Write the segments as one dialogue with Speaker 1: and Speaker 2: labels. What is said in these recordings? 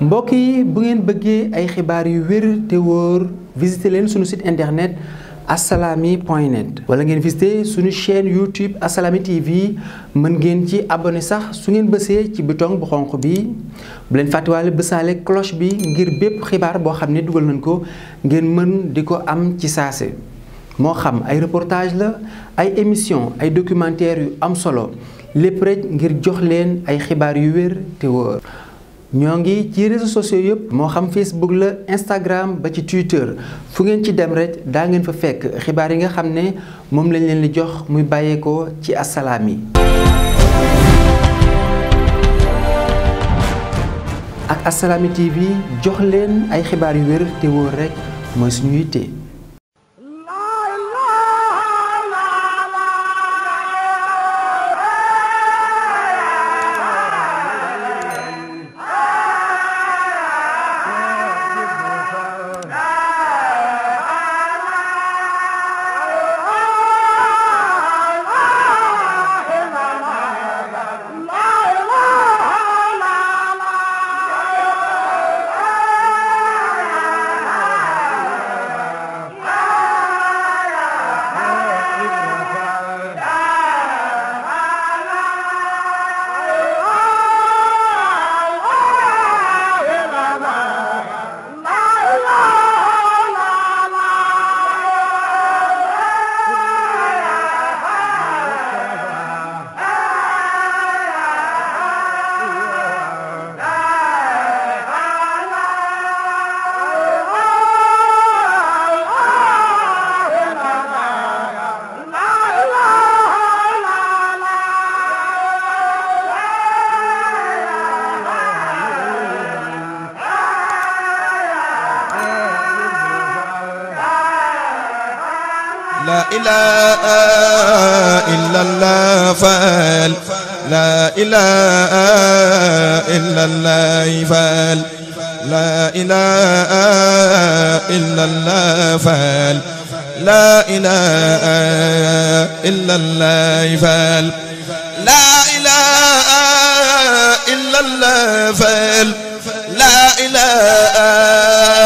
Speaker 1: mbokk yi bu ngeen bëggee ay xibaar yu wér te wóor visité leen suñu site internet asalaami point net wala ngeen visité suñu chaîne YouTube asalaami TV mën ngeen ci abonné sax su ngeen bësee ci bouton bu xonq bi bu leen fàttewaale bësaale cloche bi ngir bépp xibaar boo xam ne dugal nañ ko ngeen mën di ko am ci saase moo xam ay reportage la ay émission ay documentaire yu am solo lépp rek ngir jox leen ay xibaar yu wér te wóor ñoo ngi ci réseaux sociaux yëpp moo xam Facebook la Instagram ba ci Twitter fu ngeen ci dem rek daa ngeen fa fekk xibaar yi nga xam ne moom lañ leen di jox muy bàyyeekoo ci Assalaamy ak Assalaamy TV jox leen ay xibaar yu wér te wóor rek mooy suñu yitte.
Speaker 2: إله إلا الله
Speaker 3: فال لا إله إلا الله فال لا إله إلا الله فال لا إله إلا الله فال لا إله إلا الله فال لا إله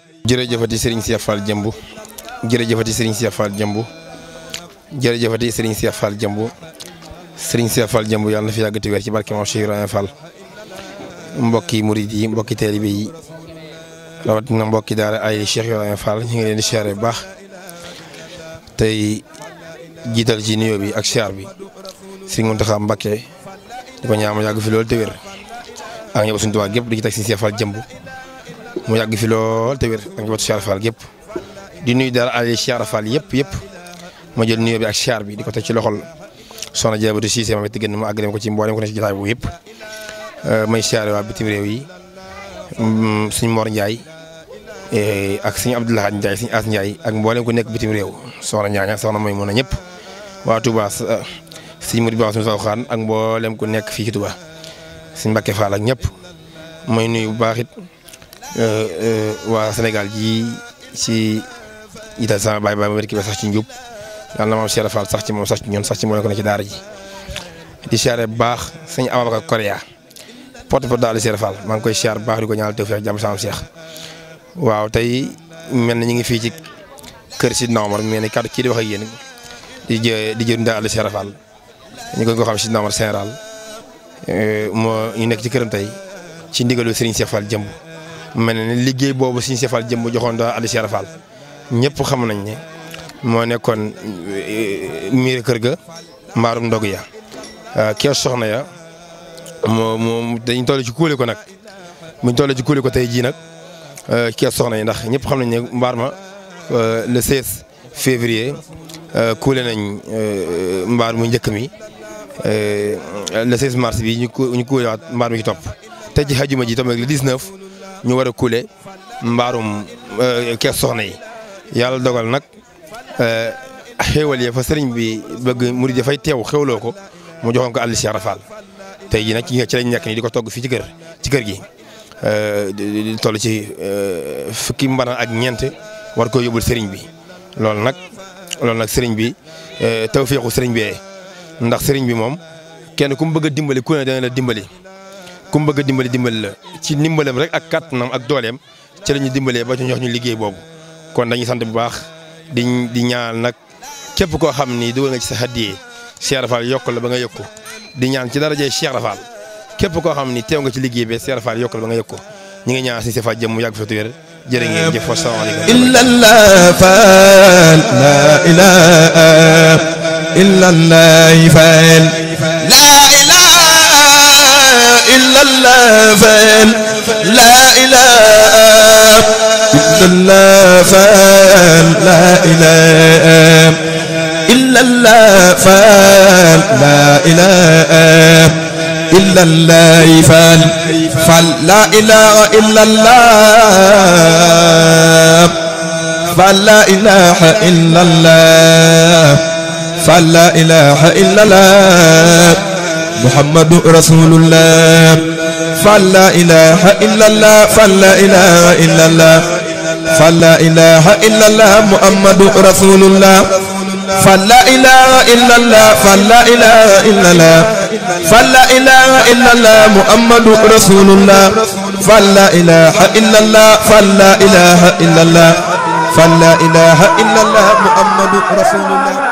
Speaker 4: jërëjëfati Serigne Cheikh Fall Jëmbu jërëjëfati Serigne Cheikh Fall Jëmbu jërëjëfati Serigne Cheikh Fall Jëmbu Serigne Jëmbu yàlla na fi yàggati weer ci barke Maam Cheikh Ibrahima Fall mbokki murid yi mbokki taalibe yi rawatina mbokki daara ay Cheikh Ibrahima ñu ngi leen di siyaare baax tey jiital ci nuyoo bi ak siyaar bi Serigne Mountakha Mbacké di ko ñaama yàgg fi loolu te wér ak ñëpp suñu Tuubaa gépp di ci teg Serigne Cheikh Fall Jëmbu mu yàgg fi lool te wér ak njabootu Cheikh Fall yëpp di nuyu daal ay Cheikh Fall yëpp yëpp ma nuyoo bi ak Cheikh bi di ko ci loxol soxna Jaabatu Siise ma it gën ko ci mboolem ko ne ci jotaay bu yëpp euh, may réew yi mm, suñ Mor Ndiaye eh, ak suñu Abdoulaye Ndiaye ak mboolem ko nekk bitim réew soxna ñaaña soxna may mën ñëpp waa Touba suñ euh, Modou Ba nekk fii ci Touba nuyu bu baax Euh, euh, waa Sénégal ji ci itam sama baay baay ma kii sax ci njub yàlla na maam Cheikh Fall sax ci moom sax ci ñoom sax ci moo nekkoon ci daara ji di siyaare bu baax sëñ Ababacar Korea porte-parole daal di Cheikh Fall maa ngi koy siyaar bu baax ko ñaanal tawfeex jàmm sama Cheikh waaw tey mel na ñu ngi fii ci kër Sidna Omar mel ni kàddu kii di wax ak yéen di jë di jënd daal di Cheikh ñu ko xam Sidna Omar général euh, moo ñu nekk ci këram tey ci ndigalu Serigne Cheikh Fall jëmb. ma ne liggéey boobu suñu sefal jëmm joxoon daal Aliou Cheikh Fall ñëpp xam nañ ne moo nekkoon eh, miir kër ga mbaarum ndog ya euh, kees soxna ya moo moom dañ toll ci kuule ko nag buñ toll ci kuule ko tey jii nag euh, kees soxna yi ndax ñëpp xam nañ ne ma euh, le 16 février kuule nañ mu njëkk mi le 16 mars bi ñu ku ñu kuulewaat mbaar mi ci topp te ci xajuma ji tamit le 19. ñu war a kuule mbaarum euh, kees soxna yi yàlla dogal nag euh, xéewal ya fa sëriñ bi bëgg murid dafay teew xéwloo ko mu joxoon ko àll si Arafaal tey jii nag ci lañ nekk nii di ko togg fii ci kër ci kër gi. Euh, di toll ci fukki mbaran ak ñeent war koo yóbbul sëriñ bi loolu nag loolu nag sëriñ bi tawféexu sëriñ bi ndax sëriñ bi moom kenn ku mu bëgg a dimbali ku ne dana la dimbali. ku mu bëgg a dimbali dimbali la ci ndimbalam rek ak kàttanam ak dooleem ci ñu dimbalee ba ci ñox ñu liggéey boobu kon dañuy sant bu baax di di nag képp koo xam ni dugal nga ci sa haddiyee Cheikh Rafal yokk la ba nga yëg ko di ñaan ci darajee Cheikh Rafal képp koo xam ni teew nga ci liggéey bi Cheikh Rafal yokk la ba nga yëg ko ñu ngi ñaan si Sefa jëm mu yàgg fa tuwér jërë ngeen jëf wasalaamaaleykum
Speaker 3: illallah faal la ilaha illallah faal إلا الله فإن لا إله إلا الله فإن لا إله إلا الله فإن لا إله إلا الله فإن فلا إله إلا الله فلا إله إلا الله فلا إله إلا الله محمد رسول الله فلا إله إلا الله فلا إله إلا الله فلا إله إلا الله محمد رسول الله فلا إله إلا الله فلا إله إلا الله فلا إله إلا الله محمد رسول الله فلا إله إلا الله فلا إله إلا الله فلا إله إلا الله محمد رسول الله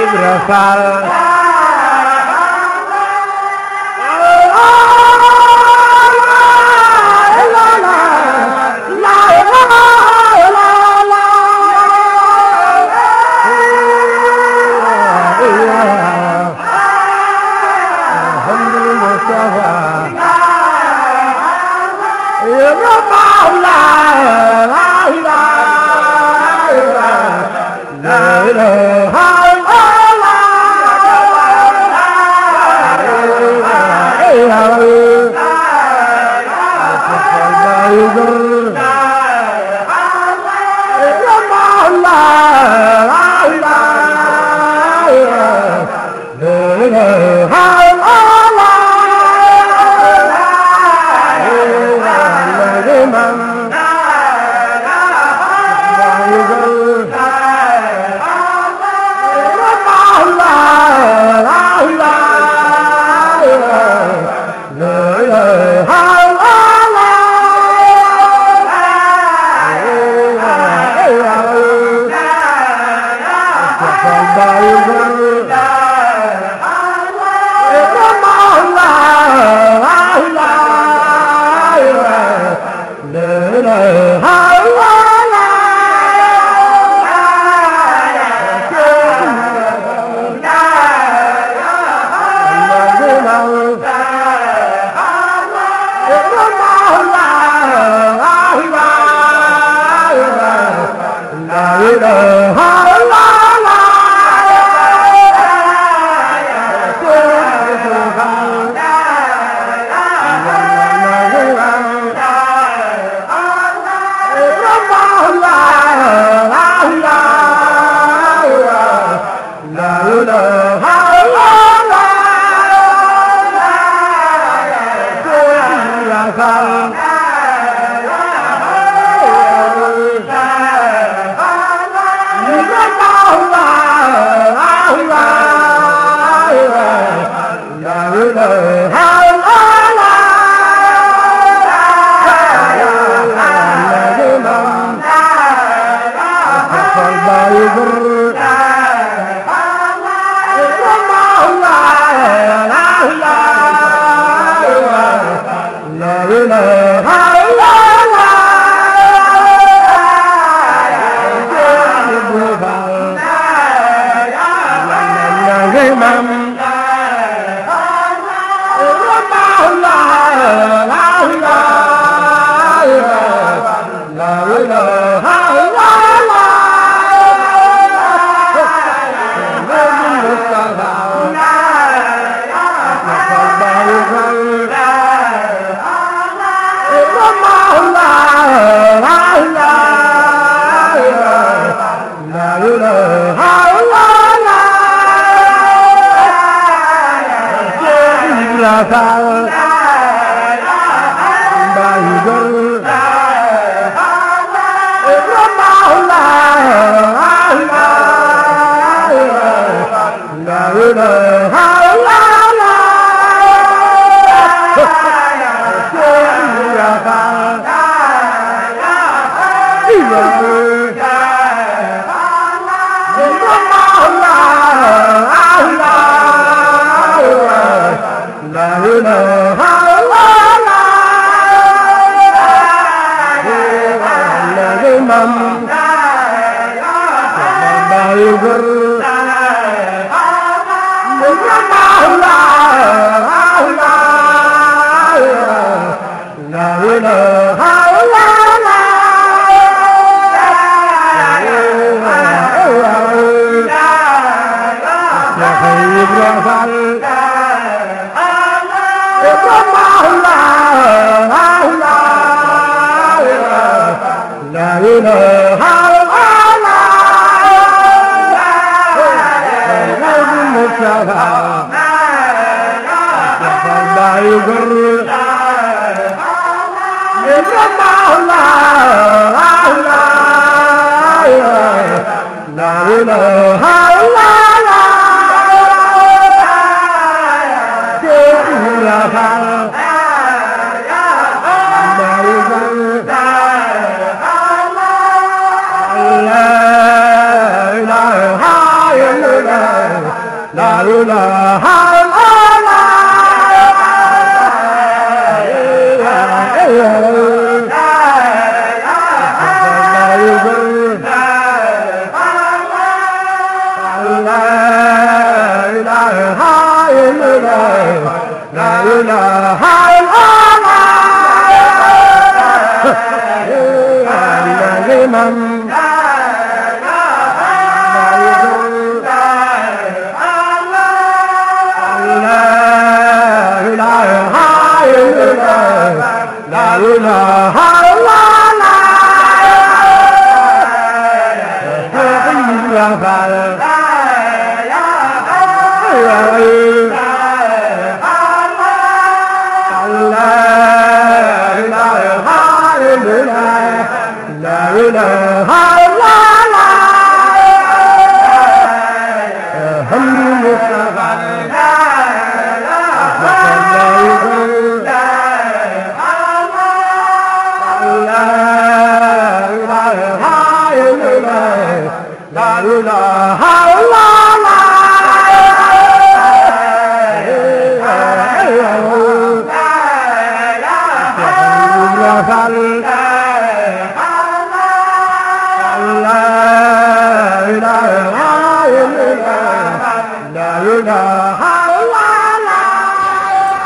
Speaker 2: Ibra Faal la la la yaa la la la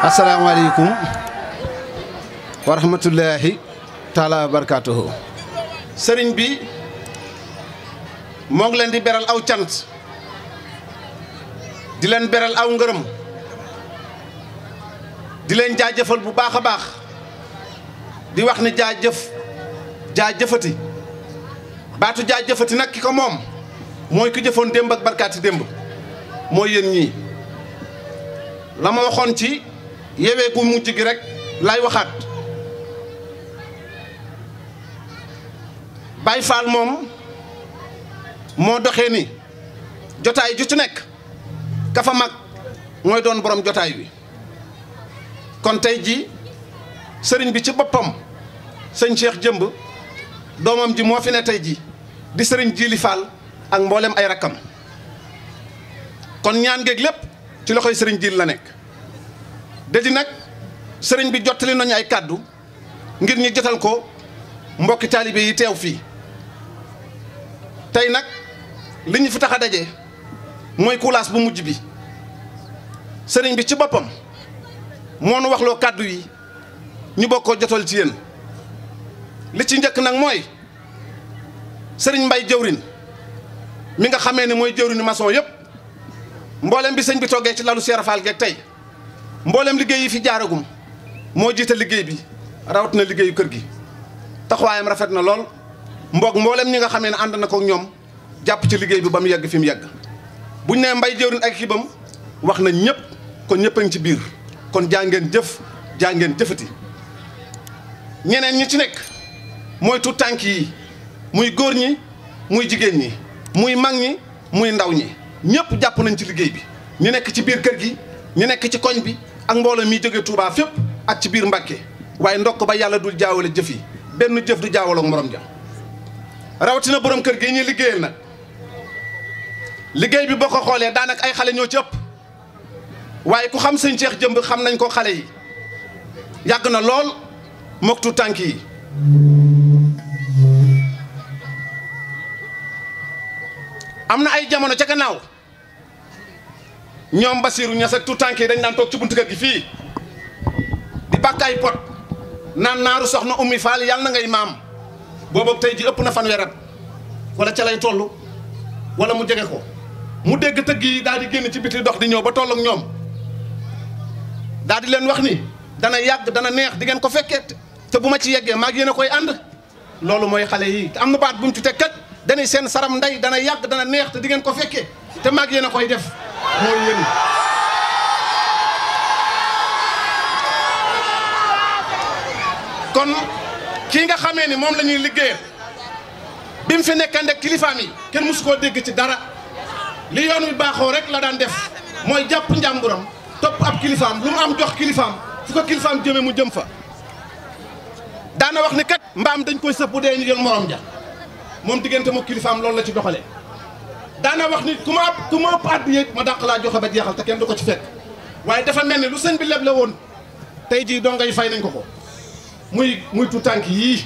Speaker 5: asalaamaaleykum wa rahmatullahi taala sëriñ bi moo ngi leen di beral aw cant di leen beral aw ngërëm di leen jaajëfal bu baax a baax di wax ni jaajëf jaajëfati baatu jaajëfati nag ki ko moom mooy ki jëfoon démb ak barkaati démb moo yéen ñii la ma ci yewee ku mujj gi rek laay waxaat Baye Fall moom moo doxee ni jotaay ju ci nekk ka mooy doon borom jotaay wi kon tey jii sëriñ bi ci boppam sëñ Cheikh Jëmb doomam ji moo fi ne tey jii di sëriñ Jili Fall ak mboolem ay rakkam kon ñaan geeg lépp ci loxoy sëriñ Jili la nekk. da nag sëriñ bi jottali nañu ay kàddu ngir ñu jotal ko mbokki taalibe yi teew fii tey nag li ñu fi tax mooy kulaas bu mujj bi sëriñ bi ci boppam moo nu waxloo kàddu yi ñu bokkoo jotal ci yéen li ci njëkk nag mooy sëriñ mbay jëwrin mi nga xamee ni mooy jëwrinu maçon yëpp mboolem bi sëñ bi toggee ci lalu seerafaal geeg tey mboolem liggéey yi fi jaaragum moo jiite liggéey bi rawatina liggéeyu kër gi taxawaayam rafet na lool mboog mboolem ñi nga xamee ne ànd na ko ñoom jàpp ci liggéey bi ba mu yegg fi mu yegg buñ ne mbay jëwriñ ak xibam wax na ñëpp kon ñëpp a ci biir kon jaa ngeen jëf jaa ngeen jëfati ñeneen ñi ci nekk moytu tànk yi muy góor ñi muy jigéen ñi muy mag ñi muy ndaw ñi ñëpp jàpp nañ ci liggéey bi ñu nekk ci biir kër gi ñu nekk ci koñ bi ak mbooloo mi jógee Touba fépp ak ci biir Mbàkke waaye ndokk ba yàlla dul jaawale jëf yi benn jëf du jaawaloo ak morom ja rawatina boroom kër gi ñuy liggéeyal nag liggéey bi boo ko xoolee daanak ay xale ñoo ci ëpp waaye ku xam sëñ ceex jëmb xam nañ ko xale yi yàgg na lool moktu tànk yi am na ay jamono ca gannaaw ñoom Basiiru Ñas ak tout tànk yi dañ daan toog ci buntu kër gi fii di bàkkaay pot naan naaru soxna ummi faal yàlla na ngay maam boobu tey ji ëpp na fanweer at wala ca lay toll wala mu jege ko mu dégg tëgg yi daal di génn ci biti dox di ñëw ba toll ak ñoom daal di leen wax ni dana yàgg dana neex di ngeen ko fekkee te bu ma ci yeggee maag yéen a koy ànd loolu mooy xale yi am na baat bu mu ci teg kat dañuy seen saram ndey dana yàgg dana neex te di ko fekkee te maag a koy def. mooy yéen kon kii nga xamee ni moom la ñuy liggéeyal bi mu fi nekkande kilifaam yi kenn mosu koo dégg ci dara li yoon wi baaxoo rek la daan def mooy jàpp njàmburam topp ab kilifaam lu mu am jox kilifaam fu ko kilifaam jëme mu jëm fa daana wax ni kat mbaam dañ koy sëpp bu dee ñu jël morom ja moom diggante moo kilifaam loolu la ci doxale daana wax nit ku ma ku ma ëpp àddi yëg ma dàq laa joxe ba jeexal te kenn du ko ci fekk waaye dafa mel ni lu sëñ bi leble woon tey jii donga yi fay nañ ko ko muy muy tu tànk yii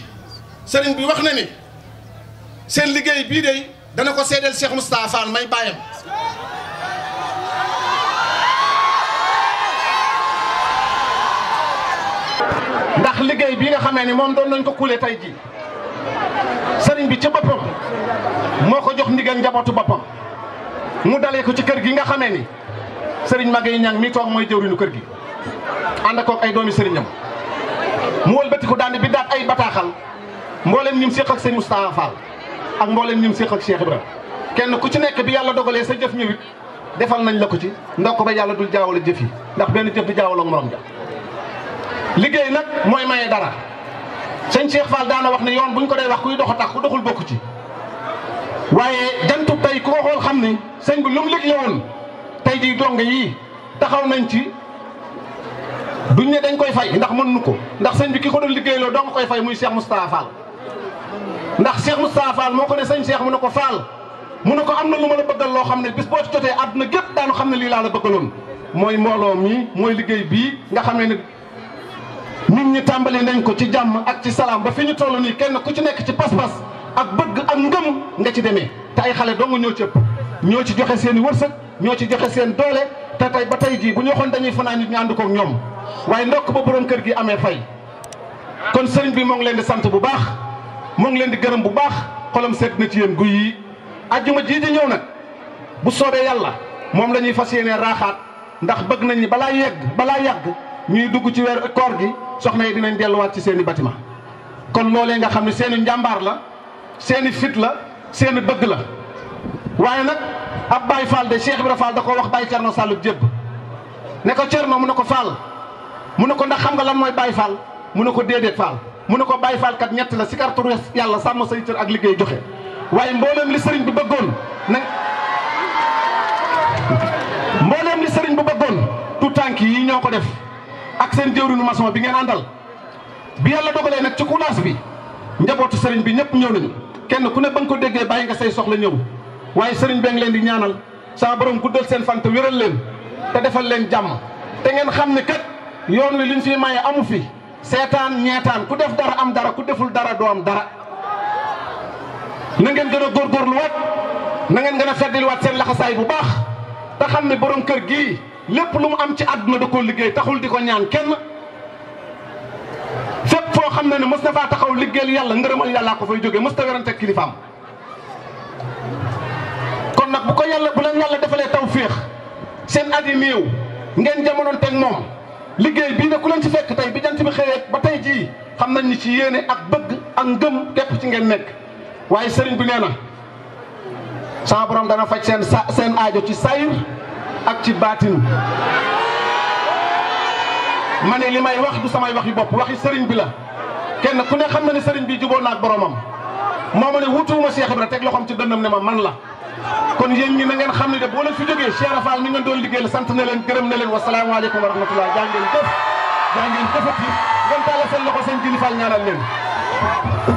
Speaker 5: sëriñ bi wax na ni seen liggéey bii de dana ko seedeel Cheikh Moustapha Fall may bàyyam ndax liggéey bii nga xamee ni moom doon nañ ko kuule tey jii sëriñ bi ci boppam moo ko jox ndigal njabootu bappam mu dalee ko ci kër gi nga xamee ni sëriñ Maguette Niang mi toog mooy jëwriñu kër gi ànd koog ay doomi sëriñam mu wëlbatiku daane bi daat ay bataaxal mbooleen ñim séq ak sëñ Moustapha Fall ak mboolem ñim séq ak Cheikh Ibrahima kenn ku ci nekk bi yàlla dogalee sa jëf ñëwit defal nañ la ko ci ndax ko ba yàlla dul jaawale jëf yi ndax benn jëf di jaawaloo ak ja liggéey nag mooy maye dara sëñ Cheikh Fall daana wax ne yoon bu ñu ko dee wax kuy dox a tax ku doxul bokku ci waaye jantu tey ku ko xool xam ni sëñ bi lu mu liggéey woon tey jii dong yii taxaw nañ ci duñ ne dañ koy fay ndax mën nu ko ndax sëñ bi ki ko liggéey liggéeyloo dong koy fay muy seex Moustapha Fall ndax Cheikh Moustapha moo ko ne sëñ Cheikh mu ne ko Fall mu ne ko am na lu ma la bëggal loo xam ne bis boo ci jotee àdduna gépp daanu xam ne lii laa la bëggaloon mooy mbooloo mii mooy liggéey nga xam ne nit ñi tàmbali nañ ko ci jàmm ak ci salaam ba fi ñu toll nii kenn ku ci nekk ci pas-pas ak bëgg ak ngëm nga ci demee te ay xale dong ñoo cëpp ñoo ci joxe seen i wërsëg ñoo ci joxe seen doole te tey ba tey jii bu ñu waxoon dañuy fanaan ñu ànd koog ñoom waaye ndokk ba borom kër gi amee fay. kon sëriñ bi moo ngi leen di sant bu baax moo ngi leen di gërëm bu baax xolam seet na ci yéen guy yi ajjuma jii di ñëw nag bu soobee yàlla moom lañuy fas yéenee raaxaat ndax bëgg nañ ni balaa yegg balaa yàgg ñuy dugg ci weer koor gi soxna yi dinañ delluwaat ci seeni i kon loolee nga xam ne seeni njàmbaar la seeni fit la seeni i bëgg la waaye nag ab baay Fall de Cheikh Ibra Fall da ko wax Baye na Sall jébb ne ko Thierno mu ne ko Fall mu ne ko ndax xam nga lan mooy Baye Fall mu ne ko déedéet Fall mu ne ko Baye Fall kat ñett la si kartu yàlla sàmm say cër ak liggéey joxe waaye mbooleem li sëriñ bi bëggoon na mbooleem li sëriñ bi bëggoon tout tànk yi ñoo ko def ak seen jëwriñu maçon bi ngeen àndal bi yàlla dogalee nag ci kulaas bi njabootu sëriñ bi ñëpp ñëw nañu kenn ku ne ba ko déggee bàyyi nga say soxla ñëw waaye sëriñ bee ngi leen di ñaanal saa borom guddal seen fan te wéral leen te defal leen jàmm te ngeen xam ne kat yoon wi liñ fi maye amu fi seetaan ñeetaan ku def dara am dara ku deful dara doo am dara na ngeen gën a góorgóorluwaat na ngeen gën a feddiliwaat seen laxasaay bu baax te xam ne borom kër gii lépp lu mu am ci àdduna da koo liggéey taxul di ko ñaan kenn fépp foo xam na ne mës na faa taxaw liggéeyal yàlla ngërëmal yàllaa ko fay jógee mës ta werante kilifaam kon nag bu ko yàlla bu leen yàlla defalee taw féex seen at yi néew ngeen jamonoon teg moom liggéey bii ne ku leen ci fekk tey bi jant bi xëyee ba tey jii xam nañ ni ci yéene ak bëgg ak ngëm képp ci ngeen nekk waaye sëriñ bi nee na saa borom dana faj seen sa seen aajo ci sayir ak ci baatin ma ne li may wax du samay wax yu bopp waxi sëriñ bi la kenn ku ne xam na ni sëriñ bi juboo naa naag boromam moo ma ne wutuwuma Cheikh Ibra teg loxoom ci dënnam ne ma man la kon yéen ñi na ngeen xam ne de boo leen su jógee Cheikh Rafal mi ngeen doon liggéeyal sant ne leen gërëm na leen wasalaamaaleykum wa rahmatullah jaa ngeen jëf jaa ngeen jëfati ngeen tàllal seen loxo seen jilifal ñaanal leen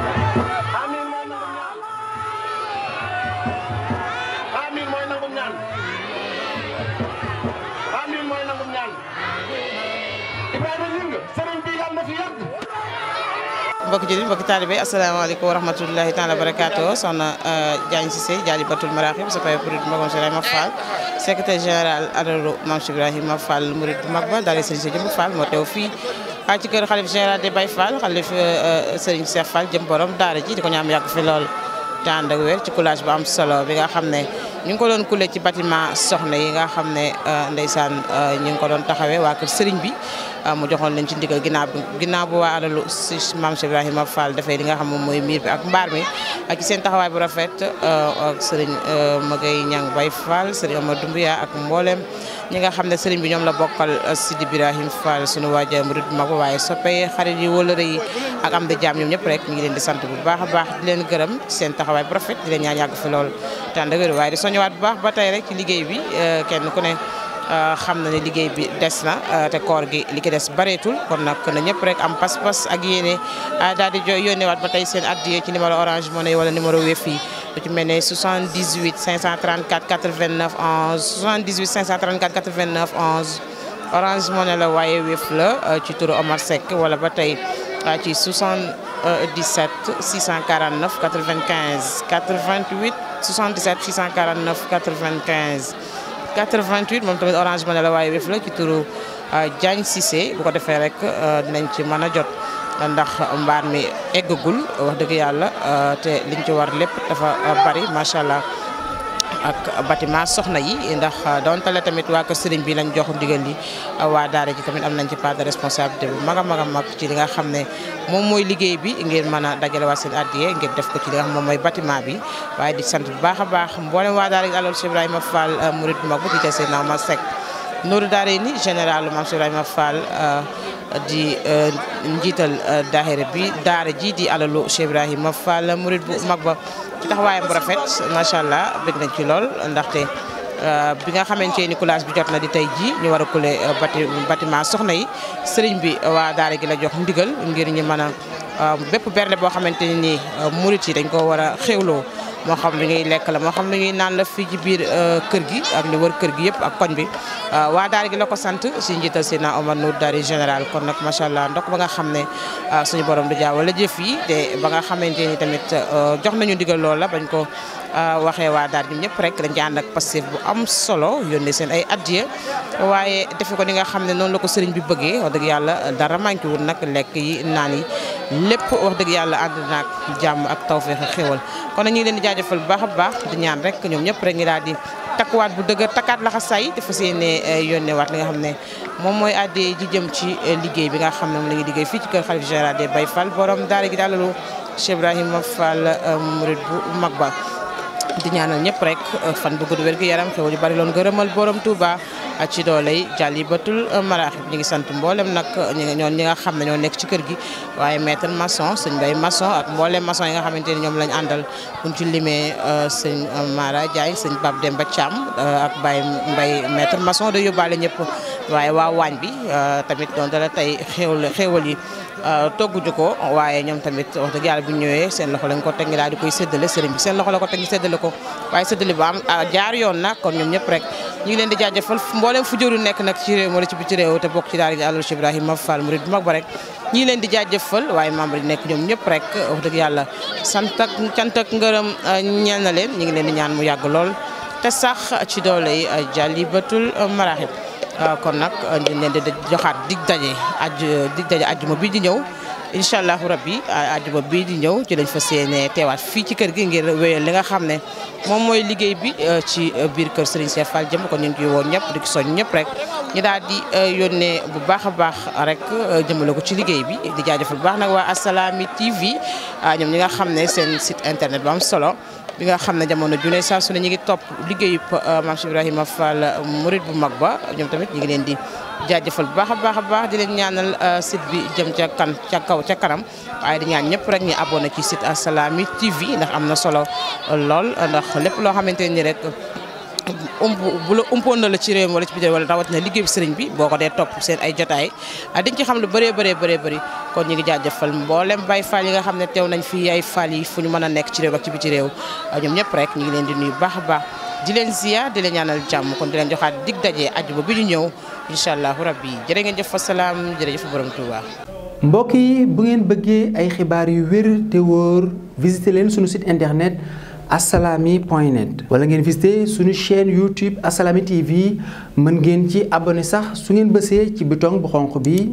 Speaker 6: mbokki jullit mbokki taalibe asalaamaaleykum wa rahmatullahi taala barakaatu soxna euh, Diagne Cissé Dialli Batul Maraxib sa pay produit magom se ma fall secrétaire général adalu Mame Cheikh Ibrahima Fall murid bu mag ba daale Serigne Cheikh Jëmb Fall moo teew fii waa ci kër xalif général de Baye Fall xalif euh, euh, Serigne Cheikh Fall jëm borom daara ji di ko ñaam yàgg fi lool te ànd ak wér ci coulage bu am solo bi nga xam ne ñu ngi ko doon kule ci bâtiment soxna yi nga xam ne euh, ndeysaan euh, ñu ngi ko doon taxawee waa sëriñ bi euh, mu joxoon lañ ci ndigal ginnaaw bi ginnaaw bu waa alalu si maam Cheikh Ibrahima Fall dafay li nga xam moom mooy miir ak mbaar mi ak seen taxawaay bu rafet ak sëriñ Magay Ñang Bay Fall sëriñ Amadou Doumbia ak mboolem ñi nga xam ne sëriñ bi ñoom la bokkal Sidi Ibrahim Fall sunu waaja murid mag waaye soppe xarit yi wëlëre yi ak am di jaam ñoom ñëpp rek ñu ngi leen di sant bu baax a baax di leen gërëm seen taxawaay bu rafet di leen ñaan yàgg lool ñëwaat bu baax ba tey rek ci liggéey bi euh, kenn ku ne euh, xam na ne liggéey bi des na euh, te koor gi li ki des bareetul kon nag na ñëpp rek am pas-pas ak yéene daal di waat ba tey seen addiya ci numéro orange ne wala numéro Wave yi lu ci mel ne 78 534 89 11 78 534 89 11 orange money la waaye Wave la ci turu Omar Seck wala ba tey ci 77 649 95 88. 77 649 95 88 moom tamit orange mën na la waaye wéef la ci turu euh, Diagne Cissé bu ko defee rek euh, dinañ ci mën a jot ndax mbaar mi eggagul wax dëgg yàlla euh, te liñ ci war lépp dafa bari macha allah. ak bâtiment soxna yi ndax euh, donte tamit waa kër sëriñ bi lañ jox ndigal li euh, waa daara ji tamit am nañ ci part de responsabilité bu mag a mag a mag ci li nga xam ne moom mooy liggéey bi ngir mën a dajale waa seen addiye ngir def ko ci li nga xam moom mooy bâtiment bi waaye di sant bu baax a baax mboolem waa daara ji Alal Cheikh Ibrahima Fall euh, murid bu mag bu jiite seen naw ma sec nooru daare ni général Mame Cheikh Ibrahima Fall njiital daahira bi daara ji di alalu Cheikh Ibrahima Fall murid bu mag ba ci taxawaayam bu rafet macha allah bëgg nañ ci lool ndaxte euh, bi nga xamante ni coulage bi jot na di tey jii ñu war a coulé euh, bâtiment soxna yi sëriñ bi euh, waa daara gi la jox ndigal ngir ñi mën a bépp bernde boo xamante ni murit yi dañ ko war a xéwloo moo xam lu ñuy lekk la moo xam lu ñuy naan la fii ci biir euh, kër gi ak li wër kër gi yëpp ak koñ bi euh, waa daara gi la ko sant si njiital si naa Omar Nour dari général kon nag macha allah ndok ba nga xam ne euh, suñu borom du jaawale jëf yi te ba nga xamante ni tamit jox nañu ndigal la bañ ko waxee waa daara gi ñëpp rek dañ ci ànd ak Pastef bu am solo yónnee seen ay addiya waaye defe ko ni nga xam ne noonu la ko sëriñ bi bëggee wax dëgg yàlla dara manqué wul nag lekk yi naan yi lépp wax dëgg yàlla ànd naag jàmm ak tawféex ak xéwal kon nag ñu ngi leen di jaajëfal bu baax a baax di ñaan rek ñoom ñëpp rek ñu daa di takkuwaat bu dëgër takkaat laxa say te fas yéene eh, waat li nga xam ne moom mooy addee ji jëm ci eh, liggéey bi nga xam ne moom la ñuy liggéey fii ci kër xalif général dee bay Fall borom daara gi daalalu Cheikh Ibrahima Fall eh, murid bu mag ba di ñaanal ñëpp rek euh, fan bu gudd wér gu yaram xew yu bari loon gërëmal borom Touba euh, ci dooley Jalibatul Maraaxib ñi ngi sant mboolem nag euh, ñoon ñi nga xam ne ñoo nekk ci kër gi waaye maître maçon sëñ Bay maçon ak mboolem maçon yi nga xamante ni ñoom lañ àndal buñ ci limee seen Mara Diaye sëñ Pape Demba Thiam ak Baye Mbay maître mason da yóbbaale ñëpp waaye waa waañ bi tamit doon dala tey xewal xewal yi Euh, togguñu ko waaye ñoom tamit wax dëgg yàlla bu ñu ñëwee seen loxo lañ ko teg ngi daal di koy séddale seen loxo la ko teg ngi séddale ko waaye séddale bu am euh, jaar yoon nag kon ñoom ñëpp rek ñu ngi leen di jaajëfal mbooleem fu jëlu nekk nag ci réew wala ci biir réew te bokk ci daal di Allou Cheikh Ibrahima Fall murid bu rek leen di jaajëfal waaye membre yi nekk ñoom ñëpp rek wax dëgg yàlla sant ak cant ak ngërëm euh, ñeel na leen ñu ngi leen di ñaan mu yàgg lool te sax ci doole yi Jalibatul Marahib Euh, kon nag ñu euh, leen di joxaat dig daje aju euh, dig daje ajuma bii di ñëw incha allahu rabbi ajuma bii di ñëw ci lañ fas yéene teewaat fii ci kër gi ngir wéyal li nga xam ne moom mooy liggéey bi ci biir kër Serigne Cheikh Fall jëm ko ñu ngi ciy woo ñëpp di ko soñ ñëpp rek ñu daal di yónnee bu baax a baax rek jëmale ko ci liggéey bi di jaajëfal bu baax nag waa Assalaamy TV ñoom ñi nga xam ne seen site internet bu am solo. bi nga xam ne jamono ju ne saa su ne ñu ngi topp liggéeyu euh, maam Cheikh a Fall euh, murid bu mag ba ñoom tamit ñu ngi leen di jaajëfal bu baax a baax a baax di leen ñaanal euh, sit bi jëm ca kan ca kaw ca kanam waaye di ñaan ñëpp rek ñu abonné ci site Assalaamy TV ndax am na solo lool ndax lépp loo xamante ni rek. parce que bu la umpoon ci réew mi wala ci biir wala bi sëriñ bi boo ko dee topp seen ay jotaay ah, dañ ci xam lu bëree bëree bëree bëri kon ñu ngi jaajëfal mboolem bay faal yi nga xam ne teew nañ fi ay faal yi fu ñu mën a nekk ci réew ak ci biti réew ah, ñoom ñëpp rek ñu ngi a baax di leen ziar bi ñu ñëw incha allahu rabbi
Speaker 1: ngeen bëggee ay xibaar yu wér te wóor visité leen suñu site internet asalaami point net wala ngeen visité suñu chaîne YouTube Assalaamy TV mën ngeen ci abonné sax su ngeen bësee ci bouton bu xonq bii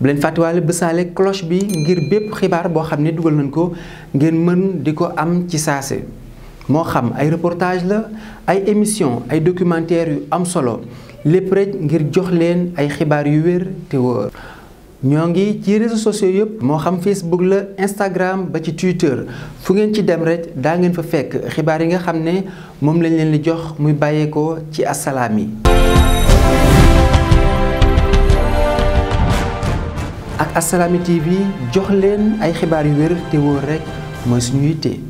Speaker 1: bu leen fàttewaale bësaale cloche bi ngir bépp xibaar boo xam ne dugal nañ ko ngeen mën di ko am ci saase moo xam ay reportage la ay émission ay documentaire yu am solo lépp rek ngir jox leen ay xibaar yu wér te wóor ñoo ngi ci réseaux sociaux yëpp moo xam Facebook la Instagram ba ci Twitter fu ngeen ci dem rek daa ngeen fa fekk xibaar yi nga xam ne moom lañ leen di jox muy bàyyeekoo ci Assalaamy ak Assalaamy TV jox leen ay xibaar yu wér te wóor rek mooy suñu yitte.